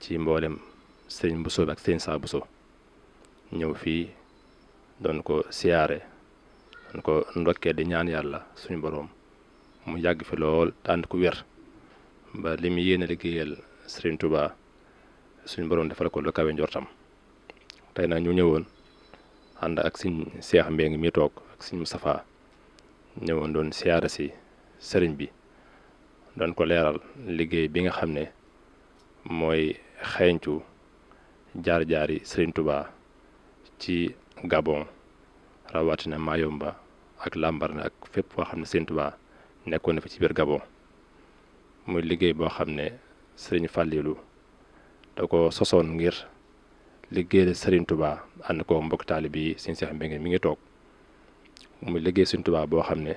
ci mboolem sëriñ Bousso ak sëriñ Saa buso ñëw fii doon ko siyaare doon ko ndokkee di ñaan yàlla suñu boroom mu jàgg fi lool tànd ku wér ba li mu yéene liggéeyal sëriñ tubaa suñu boroom defal ko lu kawe njortam tey nag ñu ñëwoon ànd ak sëriñ Seex Mbeng mi toog ak sëriñ Moustapha ñëwoon doon siyaare si sëriñ bi doon ko leeral liggéey bi nga xam ne mooy xeeñcu jaar-jaari Serigne Touba ci Gabon rawatina Mayomba ak Lambaréné ak fépp foo xam ne Serigne Touba nekkoon na fa ci biir Gabon muy liggéey boo xam ne Serigne Fallilou da ko sosoon ngir liggéeyal sëriñ tubaa ànd ko mbokk taali bi Serigne Cheikh Mbengue mi ngi toog muy liggéey Serigne Touba boo xam ne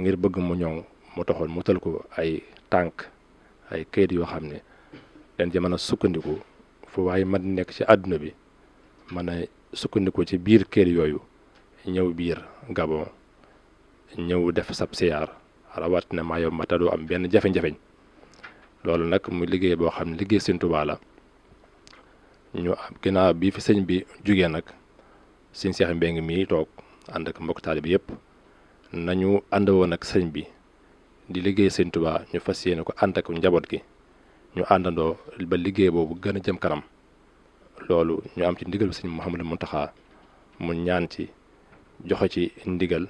ngir bëgg mu ñoŋ mu taxoon mu tal ko ay tànk ay kayit yoo xam ne. leen ci sukkandiku fu waaye man nekk ci àdduna bi mën a sukkandiku ci biir kër yooyu ñëw biir Gabon ñëw def sab siyaar rawat na maa yow ma am benn jafe-jafeñ loolu nag mu liggéey boo xam ne liggéey Sëñ Tuubaa la ñu ginnaaw bi fi sëñ bi jugee nag sëñ Seex Mbeng mii toog ànd ak mbokk taalibe bi yëpp nañu ànd woon ak sëñ bi di liggéey Sëñ Tuubaa ñu fas yéene ko ànd ak njaboot gi ñu àndandoo ba liggéey boobu gën a jëm kanam loolu ñu am ci ndigal bi sëñ Mouhamadou Mountakha mu ñaan ci joxe ci ndigal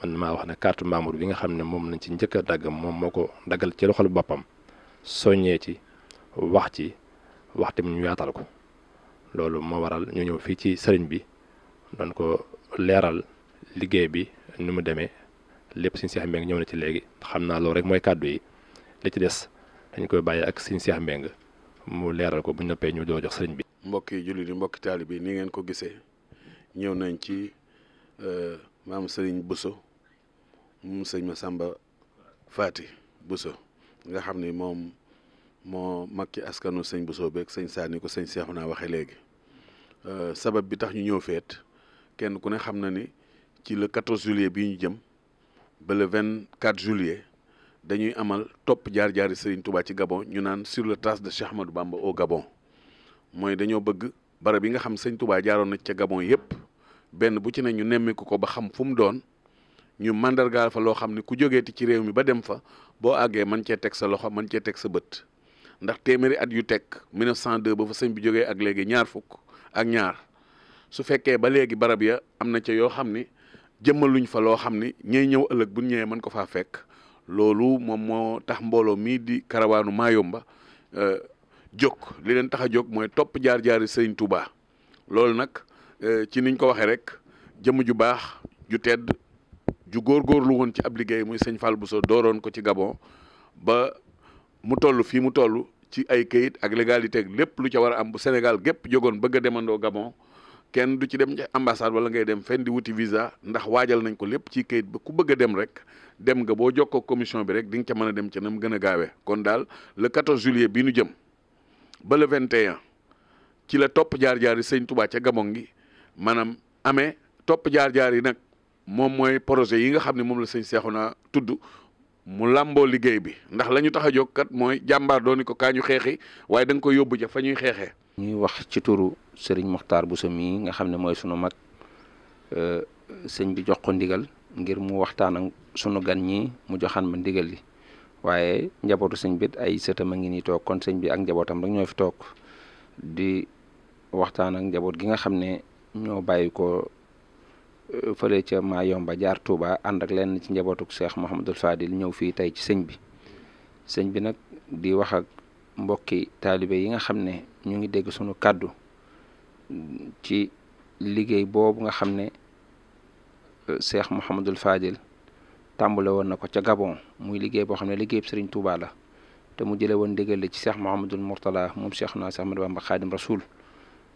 man maa wax ne carte membre bi nga xam ne moom lañ ci njëkk a dagg moom moo ko daggal ci loxolu boppam soññee ci wax ci waxte mu ñu yaatal ko loolu moo waral ñu ñëw fii ci sëriñ bi doon ko leeral liggéey bi ni mu demee lépp suñu seex mi ngi ñëw na ci léegi xam naa loolu rek mooy kàddu yi li ci des. dañ koy bàyyi ak sëñ Cheikh Mbeng mu leeral ko bu noppee ñu doo jox sëñ bi. mbokk yi jullit yi mbokki taali bi ni ngeen ko gisee ñëw nañ ci euh, maam sëriñ Bousso moom sëñ Massamba faati Bousso nga xam ni moom moo mag ki askanu sëñ Bousso beeg sëñ Saani ko sëñ Cheikh naa waxee léegi euh, sabab bi tax ñu ñëw feet kenn ku ne xam na ni ci le 14 juillet bii ñu jëm ba le 24 juillet. dañuy amal topp jaar-jaari sëñ Touba ci Gabon ñu naan sur le traces de Cheikh Ahmadou Bamba au Gabon mooy dañoo bëgg barab yi nga xam sëñ Touba jaaroon na ca Gabon yépp benn bu ci ne ñu nemmeeku ko ba xam fu mu doon ñu mandargaal fa loo xam ne ku jógeeti ci réew mi ba dem fa boo àggee man cee teg sa loxo man cee teg sa bët ndax téeméeri at yu teg 1902 ba fa sëñ bi jógee ak léegi ñaar fukk ak ñaar su fekkee ba léegi barab ya am na ca yoo xam ni jëmmaluñ fa loo xam ni ñay ñëw ëllëg bu ñëwee mën ko faa fekk loolu moom moo tax mbooloo mii di karawaanu Mayumba euh, jóg li leen tax a jóg mooy topp jaar-jaari Serigne Touba loolu nag euh, ci niñ ko waxee rek jëmm ju baax ju tedd ju góorgóorlu woon ci ab liggéey muy sëñ Fall Bousso dooroon ko ci Gabon ba mu toll fii mu toll ci ay kayit ak légalité lépp lu ca war a am bu Sénégal gépp jógoon bëgg a demandoo Gabon. kenn du ci dem ambassade wala ngay dem fenn di wuti visa ndax waajal nañ ko lépp ci kayit ba ku bëgg a dem rek dem nga boo jokkoo commission bi rek di nga ca mën a dem ca na mu gën a kon daal le 14 juillet bii nu jëm ba le 21 ci la topp jaar-jaar yi sëñ Touba ca Gabon gi maanaam amee topp jaar-jaar yi nag moom mooy projet yi nga xam ne moom la sëñ naa tudd mu làmboo liggéey bi ndax la ñu tax a jóg kat mooy jàmbaar dooni ko kaa ñu xeexi waaye da koy yóbbu ca fa ñuy xeexee. ñuy wax ci turu sëriñ bu Bousso yi nga xam ne mooy sunu mag euh, sëñ bi jox ko ndigal ngir mu waxtaan a sunu gan ñi mu joxaan ma ndigal waaye njabootu sëñ bit ay sëtam a ngi nii toog kon sëñ bi ak njabootam rek ñoo fi toog di waxtaan ak njaboot gi nga xam ne ñoo bàyyi ko euh, fële ca Mayomba jaar Touba ànd ak lenn ci njabootuk Cheikh Mouhamadul Fadil ñëw fii tey ci sëñ bi sëñ bi nag di wax ak mbokki taalibe yi nga xam ne ñu ngi dégg sunu kàddu ci liggéey boobu nga xam ne euh, Cheikh Mouhamadul Fadil tàmbale woon na ko ca Gabon muy liggéey boo xam ne liggéey Serigne Touba la te mu jële woon ndigal la ci Cheikh Mouhamadul Mourtala moom Cheikh naa Cheikh Ahmadou Bamba Khadim Rasoul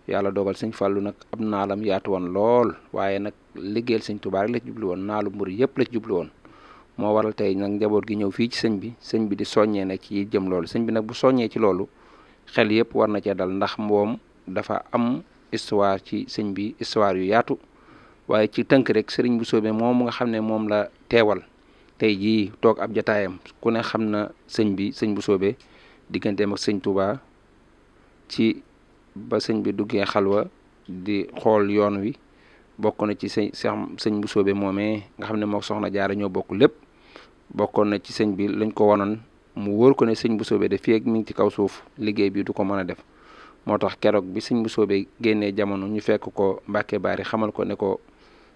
yàlla dogal sëñ fàllu nag ab naalam yaatu woon lool waaye nag liggéeyal sëñ Touba rek la ci jublu woon naalu mbir yëpp la ci jublu woon moo waral tey nag njaboot gi ñëw fii ci sëñ bi sëñ bi di soññee na ci jëm loolu sëñ bi nag bu soññee ci loolu xel yëpp war na cee dal ndax moom dafa am histoire ci sëñ bi histoire yu yaatu waaye ci tënk rek sëriñ bu soobee moom nga xam ne moom la teewal tey jii toog ab jataayam ku ne xam na sëñ bi sëñ bu soobee digganteem ak sëñ Touba ci ba sëñ bi duggee xalwa di xool yoon wi bokk na ci sëñ sëñ bu soobee moomee nga xam ne moo soxna jaara ñoo bokk lépp bokkoon na ci sëñ bi lañ ko wanoon mu wóor ko ne sëñ bu soobee de fii ak ngi ci kaw suuf liggéey bii du ko mën a def moo tax keroog bi sëñ bu soobee génnee jamono ñu fekk ko Mbàkke Baari xamal ko ne ko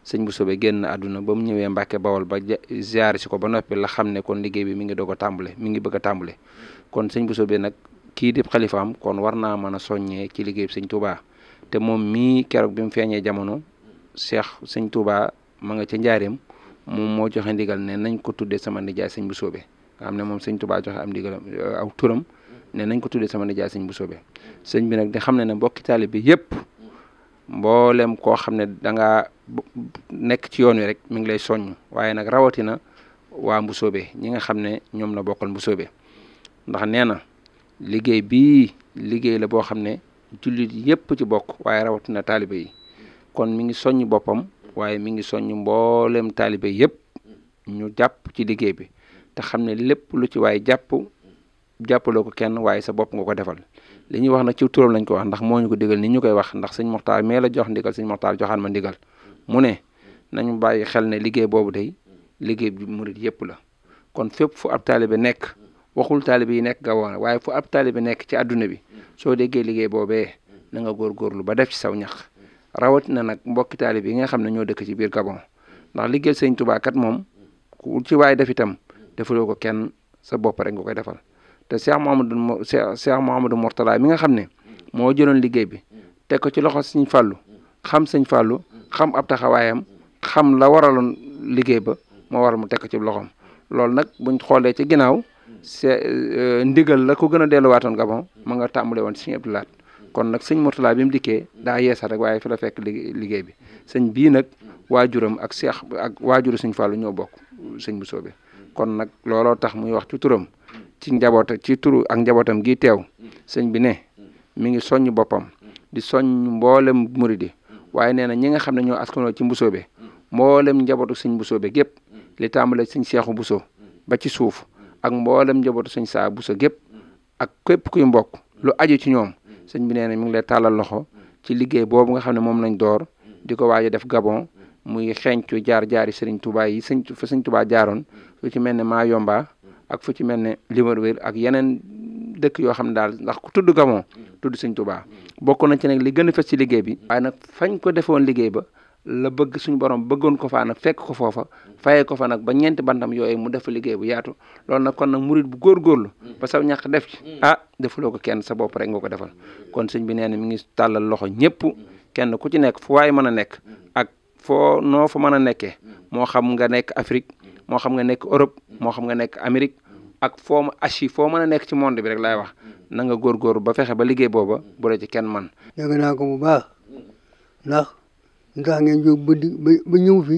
sëñ bu soobee génn àdduna ba mu ñëwee Mbàkke Bawol ba ziar ko ba noppi la xam ne kon liggéey bi mi ngi doog a tàmbale mi ngi bëgg a tàmbale kon sëñ bu soobee nag kii di xalifaam kon war naa mën a soññee ci liggéey bi sëñ Touba te moom mii keroog bi mu feeñee jamono Cheikh sëñ Touba ma nga ca njaareem moom moo joxe ndigal ne nañ ko tuddee sama nijaay sëñ bu soobee am xam ne moom sëñ Tuubaa joxe am ndigalam aw turam ne nañ ko tuddee sama nijaay sëñ bu soobee sëñ bi nag xam ne ne mbokki taalibe bi yëpp mboolem koo xam ne da nekk ci yoon wi rek mi ngi lay soññ waaye nag rawatina waa mbu soobee ñi nga xam ne ñoom la bokkal mbu soobee ndax nee na liggéey bi liggéey la boo xam ne jullit yëpp ci bokk waaye rawatina taalibe yi kon mi ngi soññ boppam waaye mi ngi soññ mboolem taalibe yëpp ñu jàpp ci liggéey bi te xam ne lépp lu ci waaye jàpp jàpp loo ko kenn waaye sa bopp nga ko defal li ñuy wax nag ci turam lañ ko wax ndax moo ñu ko digal ni ñu koy wax ndax sëñ Moxtaar mee la jox ndigal sëñ Moxtaar joxaan ma ndigal mu ne nañu bàyyi xel ne liggéey boobu day liggéey bi murit yëpp la kon fépp fu ab taalibe nekk waxul taalibe yi nekk Gabon waaye fu ab taalibe nekk ci àdduna bi soo déggee liggéey boobee na nga góorgóorlu ba def ci saw ñax rawatina nag mbokki taalibe yi nga xam ne ñoo dëkk ci biir Gabon ndax liggéey sëñ Tuubaa moom ku ci waaye def itam defaloo ko kenn sa bopp rek nga koy defal te Cheikh Mouhamadou Cheikh Mouhamadou Mourtala mi nga xam ne moo jëloon liggéey bi teg ko ci loxo sëñ fallu xam sëñ Fallou xam ab taxawaayam xam la waraloon liggéey ba moo waral mu teg ko ci loxom loolu nag buñ xoolee ci ginnaaw c'est euh, ndigal la ko gën a delluwaatoon Gabon ma nga tàmbale woon sëñ Abdou Lahat kon nag sëñ Mourtala bi mu dikkee daa yeesa rek waaye fi la fekk liggéey bi sëñ bii nag waajuram ak seex ak waajur sëñ Fallou ñoo bokk sëñ bu soobee kon nag looloo tax muy wax ci turam ci njaboota ci turu ak njabootam gi teew sëñ bi ne mi ngi soññ boppam di soñ mboolem muridi waaye nee na ñi nga xam ne ñoo askanoo ci mbusoobe mboolem njabootu sëñ mbusoobe gépp li tàmbale sëñ seexu buso ba ci suuf ak mboolem njabootu sëñ saa buso gépp ak képp kuy mbokk lu aju ci ñoom sëñ bi nee na mi ngi lay tàllal loxo ci liggéey boobu nga xam ne moom nañ door di ko waaj def Gabon muy xencu jaar jaari sëriñ Touba yi sëñ fa sëñ jaaroon fu ci mel ne maa yomba ak fu ci mel ne wér ak yeneen dëkk yoo xam ne daal ndax ku tudd Gabon tudd sëñ tubaa bokk na ci nag li gën a fës ci liggéey bi waaye fañ ko defoon liggéey ba la bëgg suñu borom bëggoon ko faa nag fekk ko foofa fayee ko fa nag ba ñeenti bantam yooyu mu def a liggéey bu yaatu loolu nag kon nag murit bu góor góorgóorlu ba saw ñàkk def ci mm. ah defuloo ko kenn sa bopp rek nga ko defal kon sëñ bi nee na mi ngi tàllal loxo ñëpp kenn ku ci nekk fu waay mën a nekk foo noo fa mën a nekkee moo xam nga nekk Afrique moo xam nga nekk Europe moo xam nga nekk Amérique ak foo ma Asie foo mën a nekk ci monde bi rek laay wax nanga góor góor ba fexe ba liggéey booba bu la ci kenn man dégg naa ko bu baax ndax ñu tax ngeen ñëw fi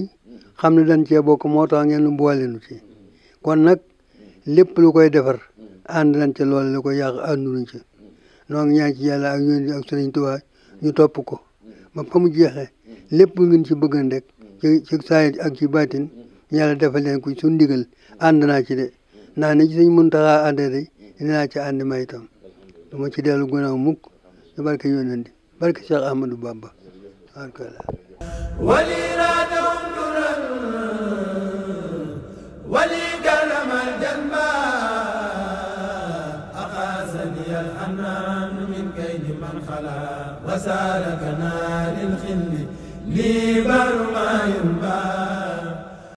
xam ne dañ cee bokk moo tax ngeen nu boolenu ci kon nag lépp lu koy defar ànd nañ ca loolu la koy yàq ànduñu ci noo ngi ñaan ci yàlla ak yónni ak ñu topp ko ba fa mu jeexee lépp ngeen ci bëggan rek ci ci saayir ak ci baatin yàlla defal leen ko su ndigal naa ci de ndax ne ci sëñ Muntaxa ànd de dinaa ci ànd may itam du ci dellu gannaaw mukk ci barke yonent barke Cheikh Ahmadou Bamba وسالك نار الخلد li baru mayum ba